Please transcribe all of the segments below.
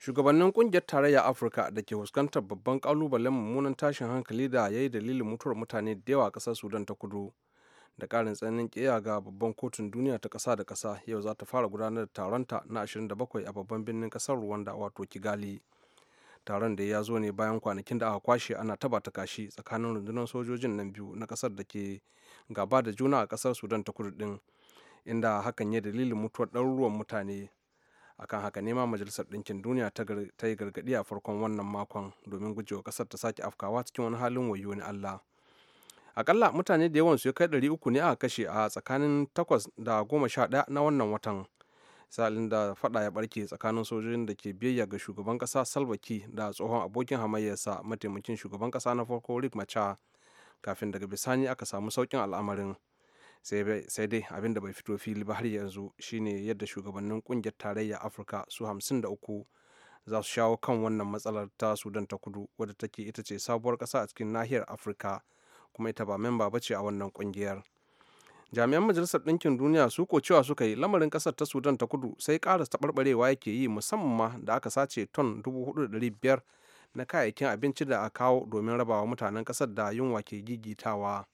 shugabannin kungiyar tarayya afirka da ke fuskantar babban kalubalen mummunan tashin hankali da ya yi dalilin mutuwar mutane da yawa a kasar sudan ta kudu da karin tsananin kiyaye ga babban kotun duniya ta kasa da kasa yau za ta fara gudanar da taronta na 27 a babban birnin kasar rwanda wato kigali taron da ya zo ne bayan kwanakin da aka kwashe ana taba ta kashi tsakanin rundunar sojojin nan biyu na kasar da ke gaba da juna a kasar sudan ta kudu din inda hakan ya dalilin mutuwar ɗaruruwan mutane akan haka nema majalisar ɗinkin duniya ta yi gargaɗi a farkon wannan makon domin gujewa ƙasar ta sake afkawa cikin wani halin wayo ni allah akalla mutane da yawan su ya kai ɗari uku ne aka kashe a tsakanin takwas da goma sha ɗaya na wannan watan salin da faɗa ya barke tsakanin sojojin da ke biyayya ga shugaban ƙasa salvaki da tsohon abokin hamayyarsa mataimakin shugaban ƙasa na farko rick macha kafin daga bisani aka samu saukin al'amarin sai dai abin da bai fito fili ba har yanzu shine yadda shugabannin kungiyar tarayya afirka su 53 za su shawo kan wannan matsalar ta sudan ta kudu wadda take ita ce sabuwar kasa a cikin nahiyar afirka kuma ita ba memba ba ce a wannan kungiyar jami'an majalisar ɗinkin duniya su ko cewa suka yi lamarin ƙasar ta sudan ta kudu sai ƙara taɓarɓarewa yake yi musamman da aka sace ton biyar na kayayyakin abinci da a kawo domin rabawa mutanen ƙasar da yunwa ke gigitawa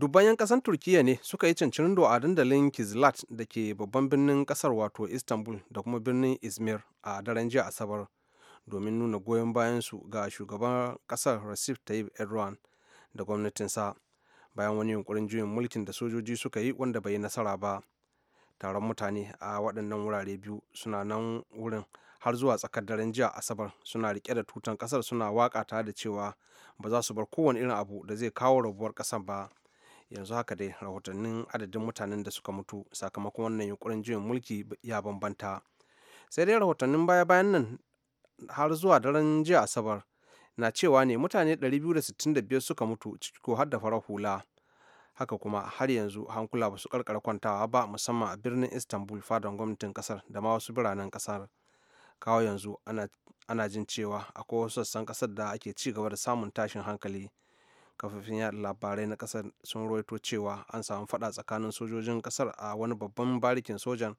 dubban 'yan kasan turkiya ne suka yi cancanin a dandalin kizlat da ke babban birnin kasar wato istanbul da kuma birnin izmir a daren jiya asabar domin nuna goyon bayan su ga shugaban kasar recep tayyip erdogan da gwamnatinsa bayan wani yunkurin juyin mulkin da sojoji suka yi wanda bai nasara ba taron mutane a waɗannan wurare biyu suna nan wurin har zuwa tsakar daren jiya asabar suna rike da tutan kasar suna waka tare da cewa ba za su bar kowane irin abu da zai kawo rabuwar kasar ba yanzu haka dai rahotannin adadin mutanen da suka mutu sakamakon wannan yunkurin juyin mulki ya bambanta sai dai rahotannin baya-bayan nan har zuwa daren jiya asabar na cewa ne mutane 265 suka mutu ciki har da hula haka kuma har yanzu hankula ba su karkara kwantawa ba musamman a birnin istanbul fadon gwamnatin kasar da ma wasu biranen kasar kawo yanzu ana, jin cewa akwai wasu sassan kasar da ake ci gaba da samun tashin hankali kafafin yada labarai na kasar sun ruwaito cewa an samu fada tsakanin sojojin kasar a wani babban barikin sojan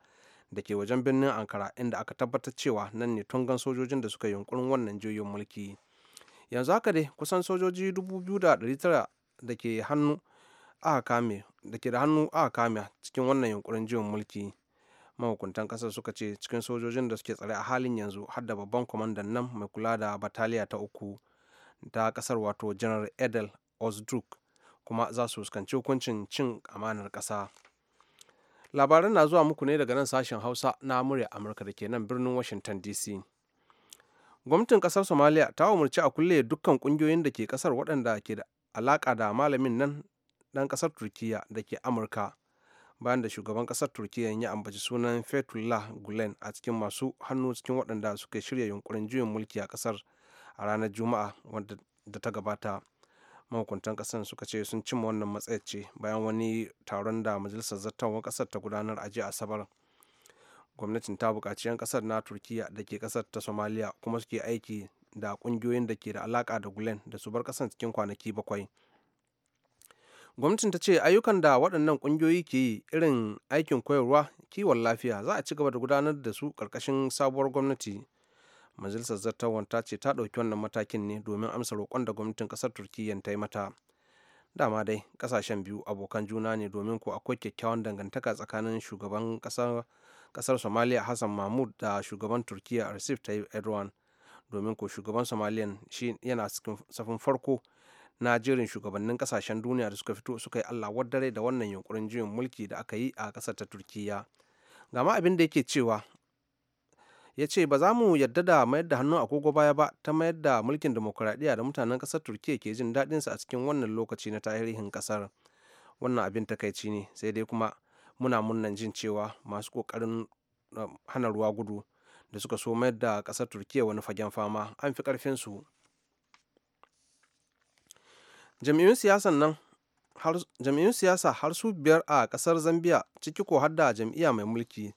da ke wajen birnin ankara inda aka tabbatar cewa nan ne tungan sojojin da suka yunkurin wannan juyin mulki yanzu haka dai kusan sojoji 2,900 da ke hannu aka kame da ke hannu aka kame cikin wannan yunkurin juyin mulki mahukuntan kasar suka ce cikin sojojin da suke tsare a halin yanzu har da babban kwamandan nan mai kula da bataliya ta uku ta kasar wato janar edel osdruk kuma za su fuskanci hukuncin cin amanar ƙasa labaran na zuwa muku ne daga nan sashen hausa na murya amurka da ke nan birnin washington dc gwamnatin kasar somaliya ta umarci a kulle dukkan kungiyoyin da ke kasar waɗanda ke da alaƙa da malamin nan ɗan kasar turkiyya da ke amurka bayan da shugaban kasar turkiyya ya ambaci sunan fethullah gulen a cikin masu hannu cikin waɗanda suka shirya yunkurin juyin mulki a kasar a ranar juma'a wadda da ta gabata mahukuntan kasar suka ce sun cimma wannan matsayar bayan wani taron da majalisar zattawan kasar ta gudanar a jiya asabar gwamnatin ta bukaci 'yan kasar na turkiya da ke kasar ta somaliya kuma suke aiki da ƙungiyoyin da ke da alaka da gulen da su bar kasar cikin kwanaki bakwai gwamnatin ta ce ayyukan da waɗannan ƙungiyoyi ke yi irin aikin koyarwa kiwon lafiya za a ci gaba da gudanar da su ƙarƙashin sabuwar gwamnati majalisar zartawan ta ce ta ɗauki wannan matakin ne domin amsa roƙon da gwamnatin ƙasar turkiyya ta yi mata dama dai ƙasashen biyu abokan juna ne domin ko akwai kyakkyawan dangantaka tsakanin shugaban ƙasar somaliya hassan mahmud da shugaban turkiyya recep ta erdogan domin ko shugaban somaliya shi yana cikin safin farko na jerin shugabannin ƙasashen duniya da suka fito suka yi allah dare da wannan yunkurin juyin mulki da aka yi a ƙasar ta turkiyya gama abin da yake cewa ya ce ba za mu yarda da mayar da hannu agogo baya ba ta mayar da mulkin demokuraɗiyya da mutanen ƙasar turkiya ke jin daɗinsa a cikin wannan lokaci na tarihin ƙasar wannan abin takaici ne sai dai kuma muna murnan jin cewa masu ƙoƙarin um, hana ruwa gudu da suka so mayar da ƙasar turkiya wani fagen fama an fi ƙarfinsu jam'iyyun siyasan siyasa har su biyar a ƙasar zambia ciki ko har da jam'iyya mai mulki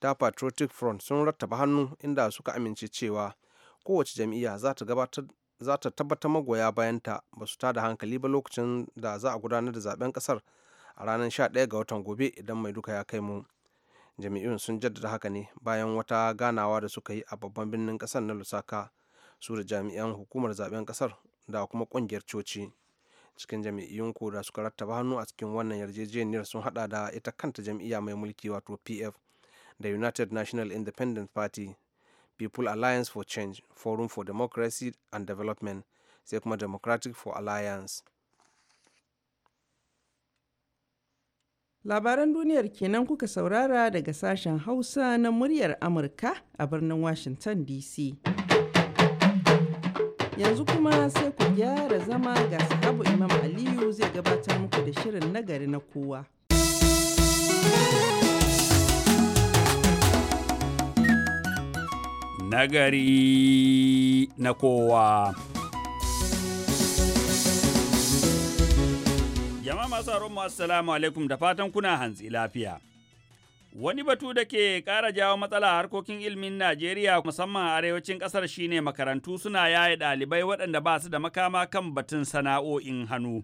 ta patriotic front sun rattaba hannu inda suka amince cewa kowace jam'iyya za ta tabbatar magoya bayanta ba su tada hankali ba lokacin da za a gudanar da zaben kasar a ranar 11 ga watan gobe idan mai duka ya kai mu jami'in sun jaddada haka ne bayan wata ganawa da suka yi a babban birnin kasar na lusaka su da jami'an hukumar zaben kasar da kuma kungiyar coci cikin jami'in ko da suka rattaba hannu a cikin wannan yarjejeniyar sun hada da ita kanta jam'iyya mai mulki wato pf da united national independent party people alliance for change forum for democracy and development sai kuma democratic for alliance labaran duniyar kenan kuka saurara daga sashen hausa na muryar amurka a birnin washington dc yanzu kuma sai ku gyara zama ga sahabu imam aliyu zai gabatar muku da shirin nagari na kowa nagari na kowa. Jama'a masu mu assalamu alaikum da fatan kuna hantsi lafiya. Wani batu da ke ƙara jawo matsala harkokin ilimin Najeriya musamman a arewacin ƙasar shine makarantu suna yaye ɗalibai waɗanda ba su da makama kan batun sana'o'in hannu.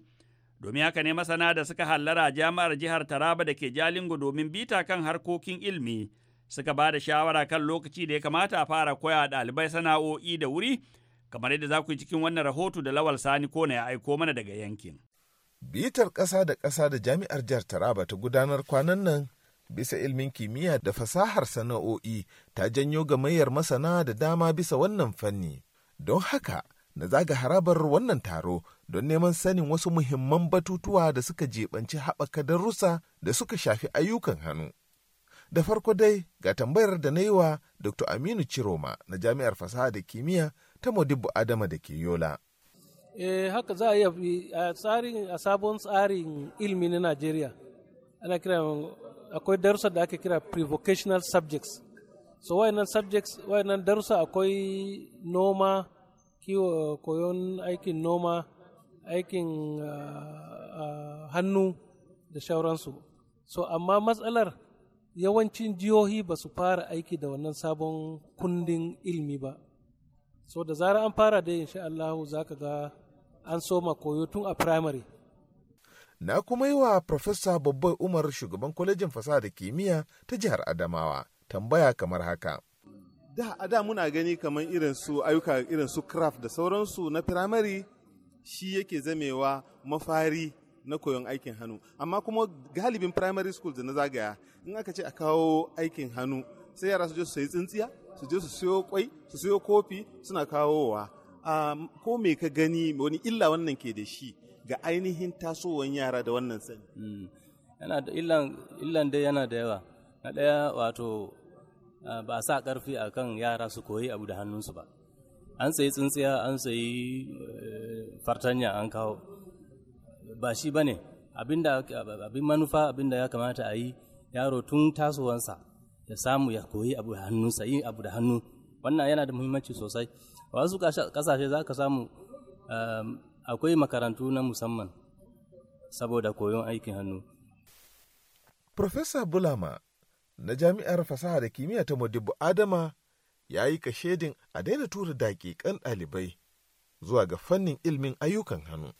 Domin haka ne masana da suka hallara jami'ar jihar Taraba da ke Jalingo domin bita kan harkokin ilmi. suka ba da shawara kan lokaci da ya kamata a fara koya ɗalibai sana'o'i da wuri kamar yadda za ku yi cikin wannan rahoto da lawal sani ko na ya aiko mana daga yankin. Bitar ƙasa da ƙasa da jami'ar jihar Taraba ta gudanar kwanan nan bisa ilmin kimiyya da fasahar sana'o'i ta janyo ga gamayyar masana da dama bisa wannan fanni. Don haka, na zaga harabar wannan taro don neman sanin wasu muhimman batutuwa da suka jebanci haɓaka darussa da suka shafi ayyukan hannu. Da farko dai ga tambayar da na yi wa Dr. Aminu Ciroma na Jami'ar Fasaha da Kimiyya ta modibu Adama da ke Yola. eh haka za a iya a sabon tsarin ilmi na Najeriya. Ana kira akwai darussa da ake kira pre-vocational subjects. So wayannan subjects, wayannan darussa akwai noma, kiwo koyon aikin noma, aikin ah, ah, hannu da shauransu. So amma matsalar yawancin jihohi ba su fara aiki da wannan sabon kundin ilmi ba so da zara an fara da insha Allah za ka ga an soma koyo tun a primary na kuma yi wa Profesa Babbai Umar shugaban kwalejin fasaha da kimiyya ta jihar Adamawa tambaya kamar haka. Da a da muna gani kamar irin su ayyuka irin su craft da sauransu na firamare shi yake zamewa mafari na koyon aikin hannu amma kuma galibin primary school da na zagaya in aka ce a kawo aikin hannu sai yara su je su sayi tsintsiya su je su siyo kwai su siyo kofi suna kawowa ko me ka gani wani illa wannan ke da shi ga ainihin tasowan yara da wannan sani hmm, yana da illan dai yana da yawa na ɗaya wato ba sa ƙarfi a kan yara su koyi abu da hannunsu ba an sayi tsintsiya an sayi eh, fartanya an kawo ba shi ba ne abin manufa abin da ya kamata a yi yaro tun tasowansa ya samu ya koyi abu da hannunsa yin abu da hannu wannan yana da muhimmanci sosai a wasu kasashe za ka samu um, akwai makarantu na musamman saboda koyon aikin hannu Profesa Bulama na Jami'ar Fasaha da Kimiyya ta Modibo Adama ya yi kashedin a daina tura daƙiƙan ɗalibai zuwa ga fannin ilmin ayyukan hannu.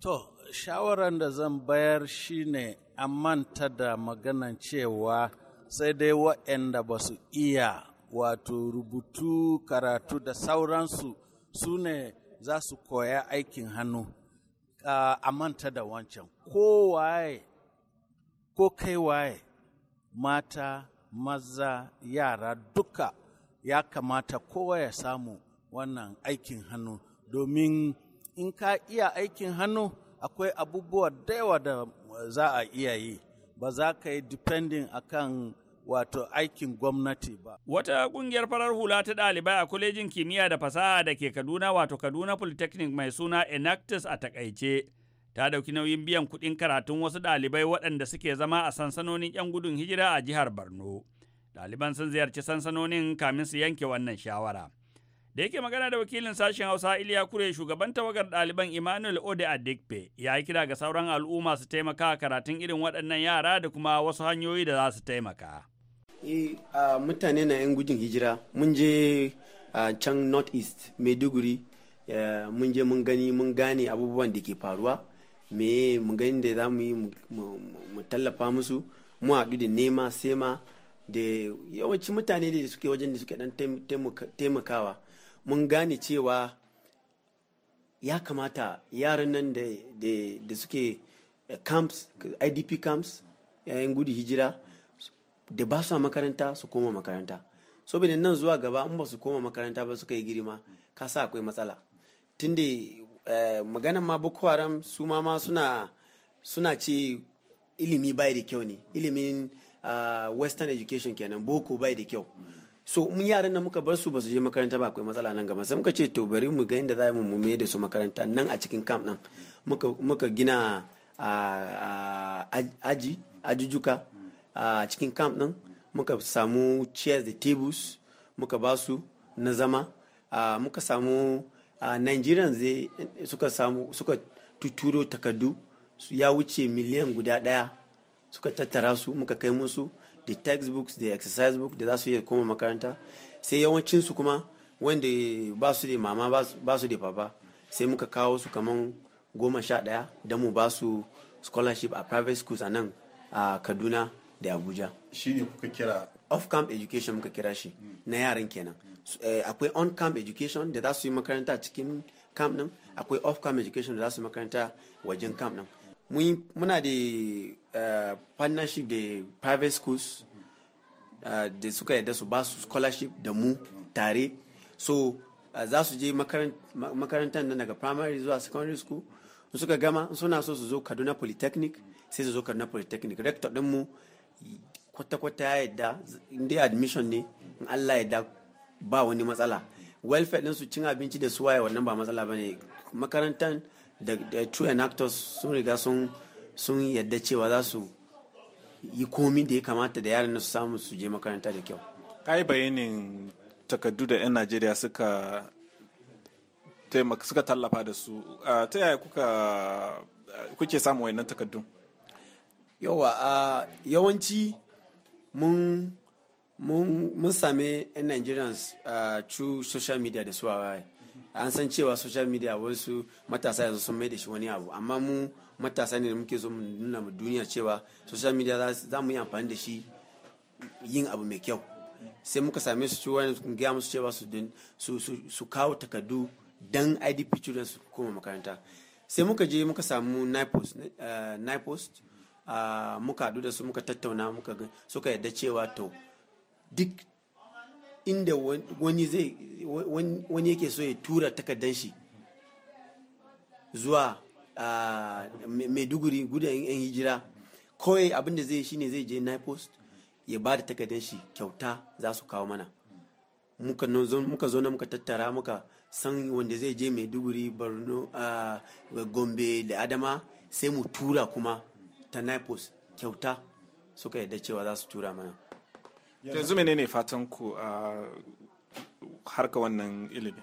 To, shawaran da zan bayar shine a manta da maganan cewa sai dai waɗanda ba su iya wato rubutu karatu da sauransu su ne za su koya aikin hannu a manta da wancan ko waye ko kai waye mata maza yara duka ya kamata kowa ya samu wannan aikin hannu domin in ka iya aikin hannu akwai abubuwa da yawa da eh, za a iya yi ba za ka yi depending akan wato aikin gwamnati ba. Wata kungiyar farar hula ta ɗalibai a kwalejin kimiyya da fasaha da ke Kaduna wato Kaduna Polytechnic mai suna Enactus a takaice. Ta dauki nauyin biyan kuɗin karatun wasu ɗalibai waɗanda suke zama a sansanonin 'yan gudun hijira a jihar Borno. Ɗaliban sun ziyarci sansanonin kamin su yanke wannan shawara. da yake magana da wakilin sashen hausa iliya kure shugaban tawagar ɗaliban emmanuel ode adigbe ya yi kira ga sauran al'umma su taimaka karatun irin waɗannan yara da kuma wasu hanyoyi da za su taimaka eh, mutane na 'yan gudun hijira mun je can north east maiduguri mun je mun gani mun gane abubuwan da ke faruwa me mun gani da za mu yi mu tallafa musu mu haɗu da nema sema da yawanci mutane da suke wajen da suke dan taimakawa mun gane cewa ya kamata yaran nan da suke eh, camps idp camps yayin gudu hijira da ba su makaranta su koma makaranta saboda nan zuwa gaba in ba su koma makaranta ba suka yi girma ka sa akwai matsala tunda eh, maganan ma boko haram su ma ma suna suna ce ilimi bai da kyau ne ilimin ah, western education kenan boko bai da kyau so mun yaran nan muka bar su ba su je makaranta ba akwai matsala nan gaba sai muka ce to bari mu ga da za mu mai da su makaranta nan a cikin camp nan muka gina aji ajujuka a cikin camp nan muka samu chairs da tables muka ba su na zama muka samu nigerians suka samu suka tuturo takardu ya wuce miliyan guda daya suka tattara su muka kai musu the textbooks the exercise book da za su iya koma makaranta sai yawancinsu kuma wanda ba su da mama ba su da papa sai muka kawo su kaman goma sha ɗaya da mu ba su scholarship a private schools a nan a kaduna da abuja shi ne kuka kira off camp education muka kira shi na yaran kenan eh, akwai on camp education da za su yi makaranta cikin camp nan akwai off camp education da za su makaranta wajen camp nan muna da eh, partnership da private schools eh, da suka yarda su ba su scholarship da mu tare so eh, za su je makarantar nan daga primary zuwa secondary school suka gama suna so su zo kaduna polytechnic sai su zo kaduna polytechnic rector dinmu kwata-kwata ya yadda inda admission ne in allah yadda ba wani matsala welfare din su cin abinci da suwaye wannan ba matsala ba ne makarantar da true actors sun riga sun sun yadda cewa za su yi komi da ya kamata da yaran su samu su je makaranta da kyau ka yi bayanin takardu da 'yan najeriya suka taimaka suka tallafa da su ta yaya kuka kuke samun wayannan takardun yawa a yawanci mun mun same 'yan nigerians a true social media da su a an san cewa social media wasu matasa yanzu sun mai da shi wani abu amma mu matasa ne da muke so nuna mu duniya cewa social media za mu yi amfani da shi yin abu mai kyau sai muka same su cewa gaya musu cewa su kawo takardu dan idp children su koma makaranta sai muka je muka samu nipost eh, ah, muka haɗu da su muka tattauna muka suka yadda cewa to duk inda wani zai wani yake so ya tura takardar shi zuwa maiduguri guda yan hijira kawai abin da zai ne zai je naipost ya ba da takardar shi kyauta za su kawo mana muka zo na muka tattara muka san wanda zai je maiduguri borno a gombe da adama sai mu tura kuma ta naipost kyauta suka yarda cewa za su tura mana yanzu menene fatan ku a harka wannan ilimi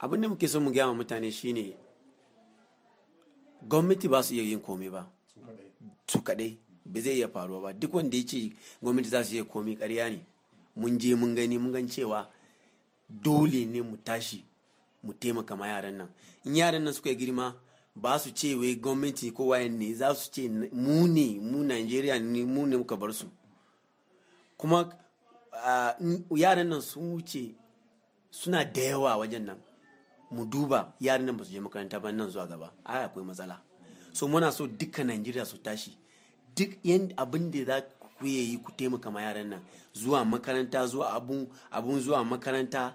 abin da muke so mu gaya mutane shine gwamnati ba su iya yin komai ba su kadai ba zai iya faruwa ba duk wanda ya ce gwamnati za su iya komai karya ne mun je mun gani mun gan cewa dole ne mu tashi mu taimaka ma yaran nan in yaran nan suka girma ba su ce wai gwamnati ko wayan ne za su ce mu ne mu Najeriya ne mu ne muka bar su kuma yaran nan sun wuce suna da yawa wajen nan mu duba yaran nan ba su je makaranta ba nan zuwa gaba ai akwai matsala so muna so duka najeriya su tashi duk abin da za ku yi ku taimaka ma yaran nan zuwa makaranta zuwa abun abun zuwa makaranta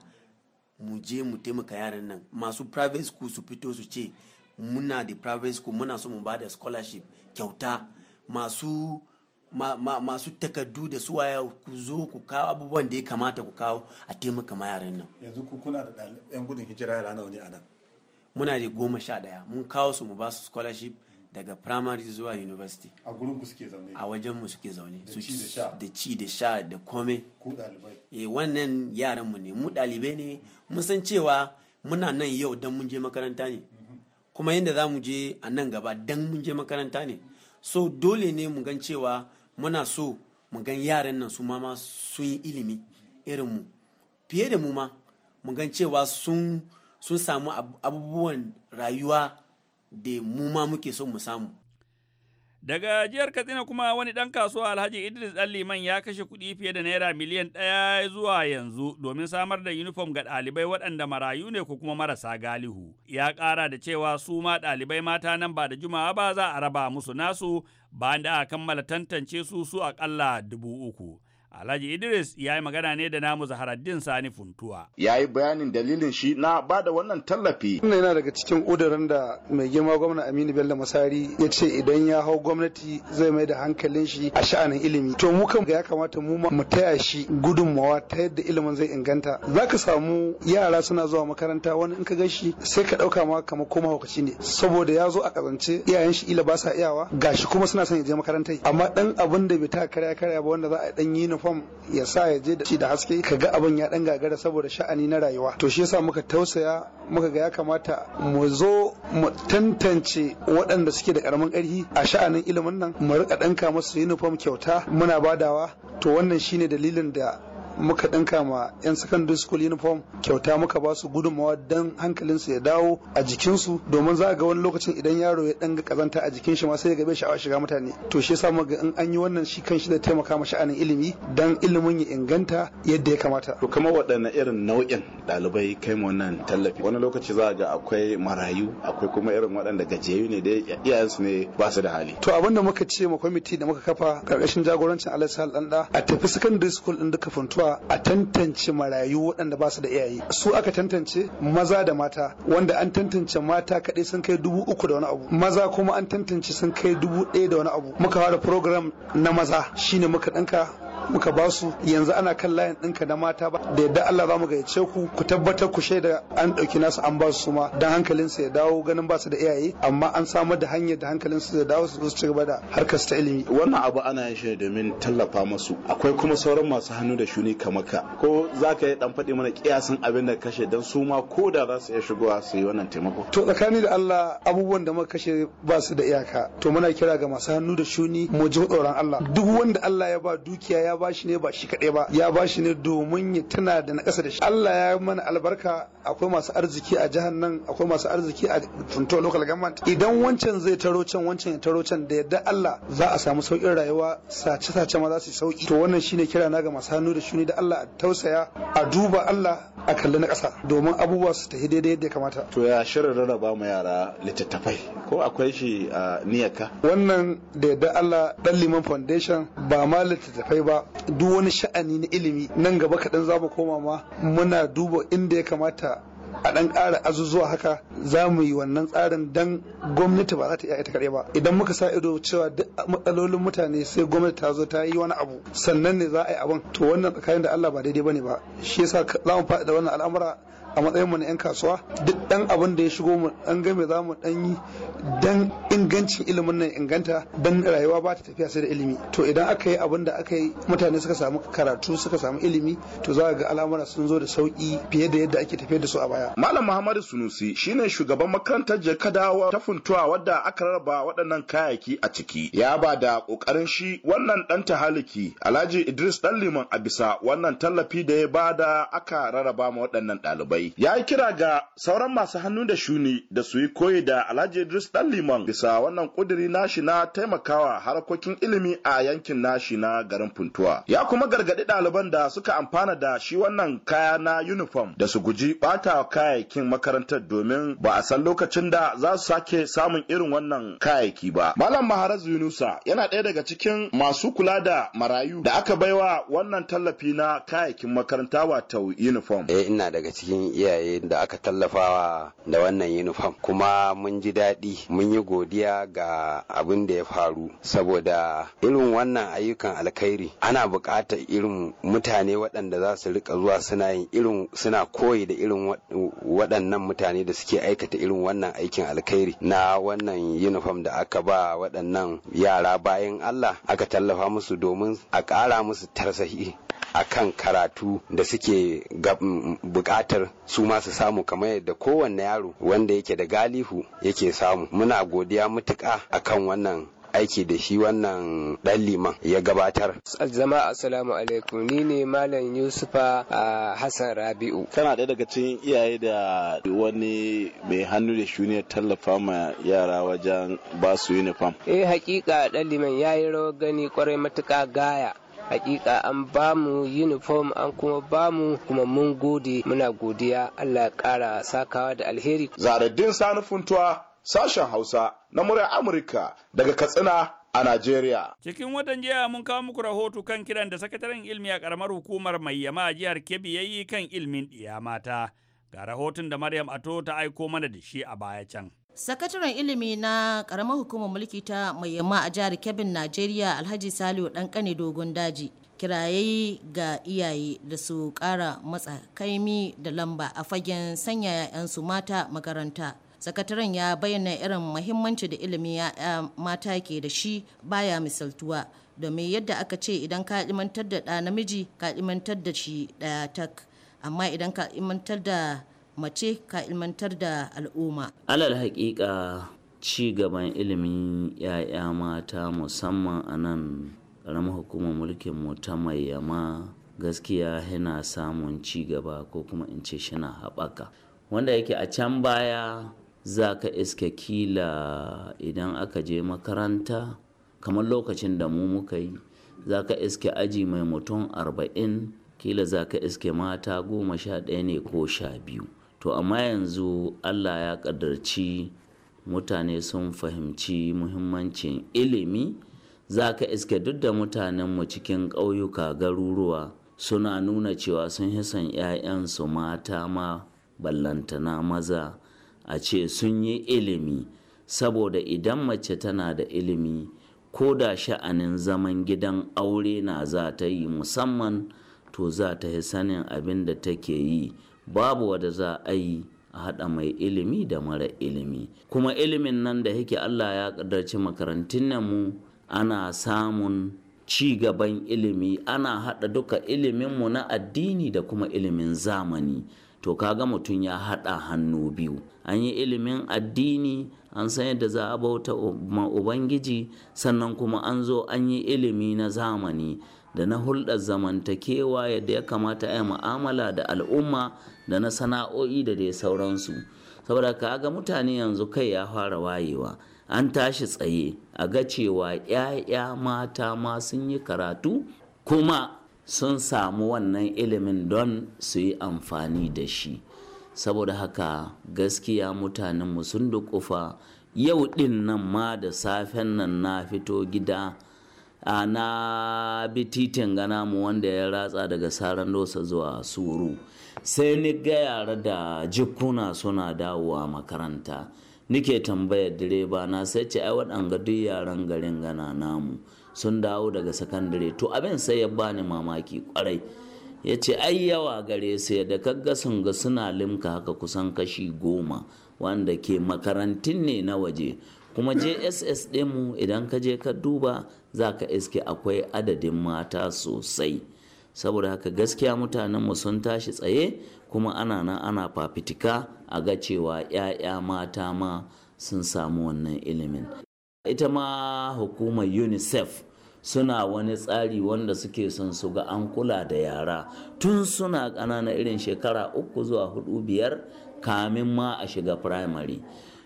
mu je mu taimaka yaran nan masu private school su fito su ce muna da private school muna so mu ba da scholarship kyauta masu masu takardu da suwaya ku zo ku kawo abubuwan da ya kamata ku kawo a taimaka ma yaran nan yanzu ku kuna da ɗan gudun hijira yara nawa ne a nan muna da goma sha ɗaya mun kawo su mu ba su scholarship daga primary zuwa university a gurin ku suke zaune a wajen mu suke zaune da ci da sha da kome ku dalibai eh wannan yaran mu ne mu dalibai ne mun san cewa muna nan yau dan mun je makaranta ne mhm. kuma yadda za mu je a nan gaba dan mun je makaranta ne so dole ne mu gan cewa muna so mu gan yaran nan su ma sun yi ilimi irin mu fiye da mu ma mu gan cewa sun sun samu abubuwan rayuwa da mu ma muke so mu samu Daga jihar Katsina kuma wani ɗan kasuwa Alhaji Idris Liman ya kashe kuɗi fiye da naira miliyan ɗaya zuwa yanzu domin samar da yunifom ga ɗalibai waɗanda marayu ne ko kuma marasa galihu. Ya ƙara da cewa su ma ɗalibai mata nan ba da juma'a ba za a raba musu nasu bayan da aka kammala tantance su su aƙalla dubu uku. Alhaji Idris ya yi magana ne da namu Zaharaddin Sani Funtuwa. Ya yi bayanin dalilin shi na ba da wannan tallafi. Wannan yana daga cikin ƙudurin da mai girma gwamna Aminu Bello Masari ya ce idan ya hau gwamnati zai mai da hankalin shi a sha'anin ilimi. To mu kan ya kamata mu mu taya shi gudunmawa ta yadda ilimin zai inganta. Za ka samu yara suna zuwa makaranta wani in ka gan shi sai ka ɗauka ma kamar koma hukaci ne. Saboda ya zo a ƙazance iyayen shi ila ba sa iyawa gashi kuma suna son ya je makarantai. Amma ɗan abin da bai ta karya karya ba wanda za a ɗan yi na imam ya sa ya je da haske da haske ga abin ya dan gagara saboda sha'ani na rayuwa to shi yasa muka tausaya muka ga ya kamata mu zo mu tantance waɗanda suke da karamin ƙarfi a sha'anin ilimin nan mu rika ɗanka masu uniform kyauta muna badawa to wannan shine dalilin da muka ɗinka ma 'yan secondary school uniform kyauta muka ba su gudunmawa don hankalinsu ya dawo a jikinsu domin za a ga wani lokacin idan yaro ya ɗanga kazanta a jikin shi ma sai ya gabe sha'awar shiga mutane to shi yasa muka in an yi wannan shi kan shi da taimaka ma sha'anin ilimi dan ilimin ya inganta yadda ya kamata to kamar waɗanne irin nau'in ɗalibai kai mu wannan tallafi wani lokaci za a ga akwai marayu akwai kuma irin waɗanda gajiyayu ne da iyayensu ne ba su da hali to abinda muka ce ma kwamiti da muka kafa ƙarƙashin jagorancin Alhaji Sal a tafi secondary school ɗin duka funtuwa a tantance marayu waɗanda ba su da iyaye su aka tantance maza da mata wanda an tantance mata kaɗai sun kai dubu uku da wani abu maza kuma an tantance sun kai dubu ɗaya da wani abu muka fara program na maza shine muka ɗanka muka ba su yanzu ana kan layin ɗinka na mata ba da yadda Allah za mu gayyace ku ku tabbatar ku shaida an ɗauki nasu an ba su ma dan hankalinsu ya dawo ganin ba su da iyaye amma an samar da hanyar da hankalinsu ya dawo su su ci gaba da harkar ta ilimi wannan abu ana yin shi domin tallafa musu akwai kuma sauran masu hannu da shuni kamar ka ko za ka yi dan faɗi mana kiyasin abin da kashe dan su ma ko da za su iya shigowa su yi wannan taimako to tsakani da Allah abubuwan da muka kashe ba su da iyaka to muna kira ga masu hannu da shuni mu ji tsoron Allah duk wanda Allah ya ba dukiya ya ya bashi ne ba shi kaɗai ba ya bashi ne domin ya tana da na ƙasa da shi Allah ya mana albarka akwai masu arziki a jihar nan akwai masu arziki a Funto local government idan wancan zai taro can wancan ya taro can da yadda Allah za a samu sauƙin rayuwa sace sace ma za su sauki to wannan shine kira na ga masu hannu da shuni da Allah a tausaya a duba Allah a kalli na ƙasa domin abubuwa su tafi daidai yadda ya kamata to ya shirin rarraba mu yara littattafai ko akwai shi a niyyarka wannan da yadda Allah dan liman foundation ba ma littattafai ba duk wani sha'ani na ilimi nan gaba kaɗan za mu koma ma muna duba inda ya kamata a ɗan ƙara azuzuwa haka za mu yi wannan tsarin dan gwamnati ba za ta iya ita kaɗai ba idan muka sa ido cewa duk matsalolin mutane sai gwamnati ta zo ta yi wani abu sannan ne za a yi abin to wannan tsakanin da Allah ba daidai ba ne ba shi yasa za mu faɗi da wannan al'amura a matsayin mu na 'yan kasuwa duk dan abin da ya shigo mu an ga me zamu dan yi dan ingancin ilimin nan inganta dan rayuwa ba ta tafiya sai da ilimi to idan aka yi abin da aka yi mutane suka samu karatu suka samu ilimi to za ga al'amura sun zo da sauki fiye da yadda ake tafiyar da su a baya malam muhammadu sunusi shine shugaban makarantar jakadawa ta funtuwa wadda aka raba waɗannan kayayyaki a ciki ya ba da ƙoƙarin shi wannan ɗan tahaliki alhaji idris ɗan liman a wannan tallafi da ya bada aka rarraba ma waɗannan ɗalibai yi ya yi kira ga sauran masu hannu da shuni da su yi koyi da alhaji idris dan liman bisa wannan kuduri nashi na taimakawa harkokin ilimi a yankin nashi na garin funtuwa ya kuma gargaɗi ɗaliban da suka amfana da shi wannan kaya na uniform da su guji ɓata kayayyakin makarantar domin ba a san lokacin da za su sake samun irin wannan kayayyaki ba malam maharaz yunusa yana ɗaya daga cikin masu kula da marayu da aka baiwa wannan tallafi na kayayyakin makaranta wato uniform eh ina daga cikin Iyaye da aka tallafawa da wannan uniform kuma mun ji daɗi mun yi godiya ga abin da ya faru saboda irin wannan ayyukan alkhairi ana buƙatar irin mutane waɗanda za su rika zuwa suna yin irin suna koyi da irin waɗannan mutane da suke aikata irin wannan aikin alkhairi na wannan uniform da aka ba waɗannan yara bayan Allah aka tallafa musu domin a ƙara musu tarsahi akan karatu da suke mm, bukatar su masu samu kamar yadda kowanne yaro wanda yake da galihu yake samu muna godiya mutuka akan wannan aiki da shi wannan dan liman ya gabatar. Zama assalamu alaikum ni ne Malam Yusufa Hassan Rabi'u. Kana ɗaya daga cikin iyaye da wani mai hannu da shuni tallafa ma yara wajen ba su uniform. Eh hakika dan liman yi rawar gani kwarai matuka gaya hakika an ba mu uniform an kuma ba mu kuma mun gode muna godiya Allah kara sakawa da alheri zaradin sani funtuwa sashen hausa na murya amurka daga katsina a Najeriya. Cikin watan jiya mun kawo muku rahoto kan kiran da sakataren ilmi a karamar hukumar mai yama a jihar Kebbi ya yi kan ilmin ɗiya mata. Ga rahoton da Maryam Ato ta aiko mana da shi a baya can. sakataren ilimi na karamar hukumar mulki ta mai yamma a jihar kebbin najeriya alhaji saliu dankane dogon daji kiraye ga iyaye da su kara matsa kaimi da lamba a fagen sanya 'ya'yansu mata makaranta sakataren ya bayyana irin muhimmanci da ilimi ya mata ke da shi baya misaltuwa domin yadda aka ce idan ka ilmantar da namiji ka ilmantar da shi ɗaya tak amma idan ka ilmantar da mace ka ilmantar da al'umma alal haƙiƙa ci gaban ilimin 'ya'ya mata musamman a nan ƙaramin hukumar mulkin mu ta mayyama gaskiya yana samun ci gaba ko kuma in ce shina haɓaka wanda yake a can baya za ka iske kila idan aka je makaranta kamar lokacin da mu muka yi za ka iske aji mai mutum arba'in kila za ka iske mata goma sha ɗaya ne ko sha biyu to amma yanzu allah ya ƙadarci mutane sun fahimci muhimmancin ilimi za ka iske duk da mutanenmu cikin ƙauyuka garuruwa suna nuna cewa sun hisan 'ya'yansu mata ma ballantana maza a ce sun yi ilimi saboda idan mace tana da ilimi ko da sha'anin zaman gidan aure na za ta yi musamman to za ta yi sanin abin da take yi babu wada za a yi a haɗa mai ilimi da mara ilimi kuma ilimin nan da yake allah ya ƙaddarci makarantun nan mu ana samun ci gaban ilimi ana haɗa duka iliminmu na addini da kuma ilimin zamani to kaga mutum ya haɗa hannu biyu an yi ilimin addini an san yadda za a bauta ma ubangiji sannan kuma an zo an yi ilimi na zamani da na hulɗar zamantakewa yadda ya kamata a yi mu'amala da al'umma da na sana'o'i da dai sauransu saboda ka ga mutane yanzu kai ya fara wayewa an tashi tsaye a ga cewa 'ya'ya mata ma sun yi karatu kuma sun samu wannan ilimin don su yi amfani da shi saboda haka gaskiya mutanenmu sun duƙufa yau ɗin nan ma da safen nan na fito gida a ah, na bi titin gana mu wanda ya ratsa daga saran dosa zuwa suru sai ni ga yara da jikuna suna dawowa makaranta nike tambayar direba na sai ce ai waɗanga duk yaran garin gana namu sun dawo daga sakandare to abin sai ya bani mamaki kwarai ya ce ai yawa gare sai da kagga sun ga suna limka haka kusan kashi goma wanda ke makarantun ne na waje kuma jss mu idan ka je ka duba za ka iske akwai adadin mata sosai saboda haka gaskiya mutanenmu sun tashi tsaye kuma ana nan ana fafitika a ga cewa 'ya'ya mata ma sun samu wannan ilimin ita ma hukumar unicef suna wani tsari wanda suke son su ga an kula da yara tun suna ƙanana irin shekara uku zuwa hudu biyar kamin ma a shiga firamare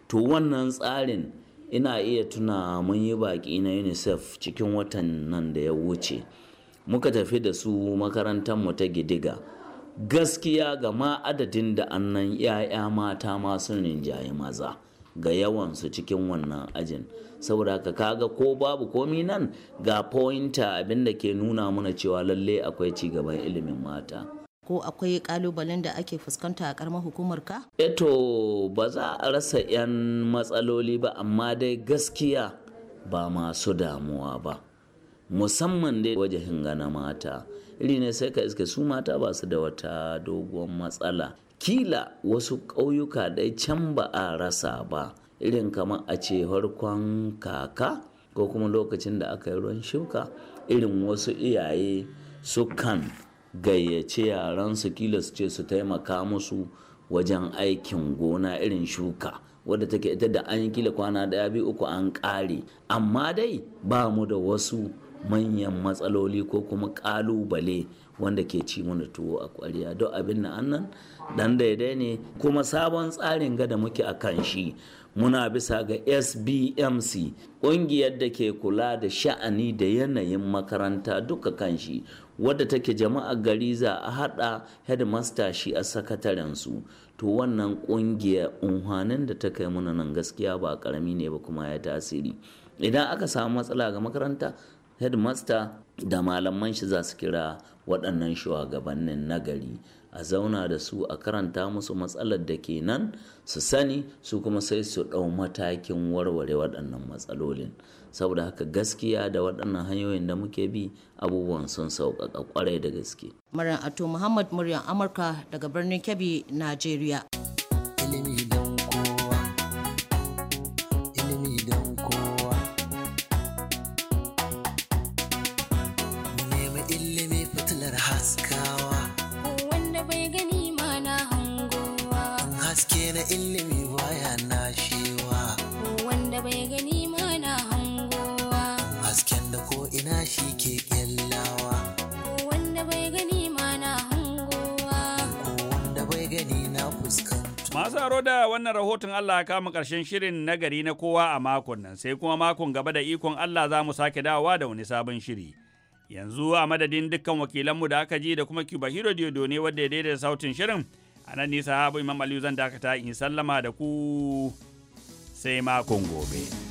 to wannan tsarin ina iya tuna mun yi baƙi na unicef cikin watan nan da ya wuce muka tafi da su makarantar mu ta gidiga gaskiya ga ma adadin da annan 'ya'ya mata masu rinjaye maza ga yawansu cikin wannan ajin saboda ka kaga ko babu komi nan ga pointer abinda ke nuna mana cewa lalle akwai cigaban ilimin mata ko akwai kalubalen da ake fuskanta a karamar hukumar ka? Eto eh ba za a rasa 'yan matsaloli ba amma dai gaskiya ba masu damuwa ba. Musamman dai wajen na mata, iri ne sai ka iske su mata ba su da wata doguwar matsala. Kila wasu ƙauyuka dai can ba a rasa ba, irin kama a ce harkon kaka ko kuma lokacin da aka yi ruwan shuka, irin wasu iyaye sukan gayyace yaransu kila su ce su taimaka musu wajen aikin gona irin shuka wadda take ita da an kila kwana daya biyu uku an kare amma dai ba mu da wasu manyan matsaloli ko kuma kalubale wanda ke ci mana tuwo a kwariya don abin na annan dan daidai ne kuma sabon tsarin ga da muke a kan shi muna bisa ga sbmc ƙungiyar da ke kula da sha'ani da yanayin makaranta duka kan shi wadda take jama'a gari za a haɗa headmaster shi a sakataren su to wannan ƙungiyar unhanin da ta kai muna nan gaskiya ba ƙarami ne ba kuma ya tasiri idan aka samu matsala ga makaranta headmaster da malaman shi za su kira waɗannan shugabannin nagari a zauna da su a karanta musu matsalar da ke nan su sani su kuma sai su ɗau matakin warware waɗannan matsalolin saboda haka gaskiya da waɗannan hanyoyin da muke bi abubuwan sun sauƙaƙa ƙwarai da gaske. Maryam Ato Muhammad muryar Amurka daga birnin Kebbi, Najeriya. da wannan rahoton Allah ya kama ƙarshen shirin nagari na kowa a makon nan sai kuma makon gaba da ikon Allah za mu sake dawowa da wani sabon shiri. Yanzu a madadin dukkan wakilanmu da aka ji da kuma Cuba Hero Diodo ne wadda ya daidaita sautin shirin a nan nisa habu Imam Aliyu zan dakata in sallama da ku sai makon gobe.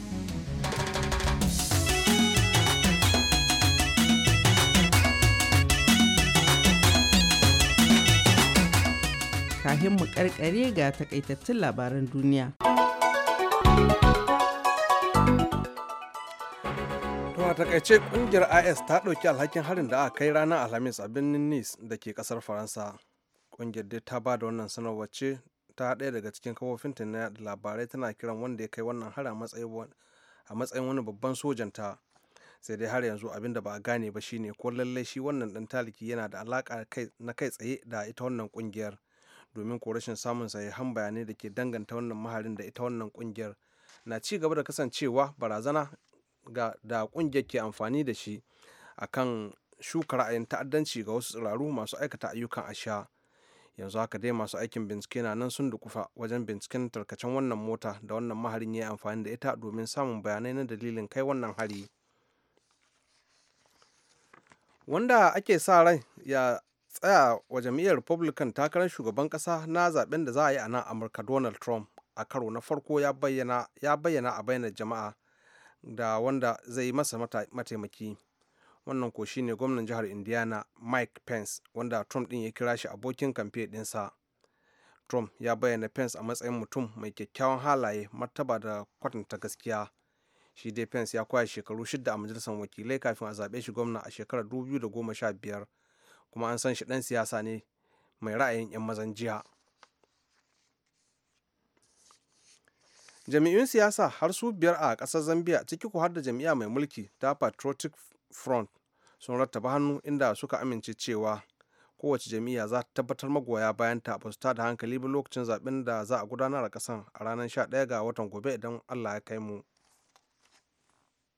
kahin mu karkare ga takaitattun labaran duniya. a takaice kungiyar is ta ɗauki alhakin harin da aka kai ranar alhamis a birnin nice da ke ƙasar faransa kungiyar dai ta ba da wannan sanarwar ce ta ɗaya daga cikin ta na labarai tana kiran wanda ya kai wannan hari a matsayin wani babban sojanta sai dai har yanzu abin da ba a gane ba shine ko lallai shi wannan dan taliki yana da alaka na kai tsaye da ita wannan ƙungiyar. domin ko rashin samun sahihan bayanai da ke danganta wannan maharin da ita wannan kungiyar na ci gaba da kasancewa barazana ga da kungiyar ke amfani da shi a kan shuka ra'ayin ta'addanci ga wasu tsiraru masu aikata ayyukan asha yanzu haka dai masu aikin bincike na nan sun dukufa wajen binciken tarkacen wannan mota da wannan maharin ya yi amfani da ita domin samun bayanai na dalilin kai wannan hari wanda ake sa rai ya tsaya wa jam'iyyar republican takarar shugaban kasa na zaben da za a yi a nan amurka donald trump a karo na farko ya bayyana a bayanar jama'a da wanda zai masa mataimaki wannan ko shine gwamnan jihar indiana mike pence wanda trump din ya kira shi abokin kamfe dinsa trump ya bayyana pence a matsayin mutum mai kyakkyawan halaye martaba da kwatanta gaskiya shi dai pence ya kwaya shekaru shida a majalisar wakilai kafin a zaɓe shi gwamna a shekarar 2015 kuma an san shi ɗan siyasa ne mai ra'ayin 'yan mazan jiha jami'un siyasa har su biyar a ƙasar zambia ciki ko har da jami'a mai mulki ta patriotic front sun rattaba hannu inda suka amince cewa kowace jami'a za ta tabbatar magoya bayan ta ba su da hankali ba lokacin zaben da za a gudanar a kasan a ranar 11 ga watan gobe idan allah ya kai mu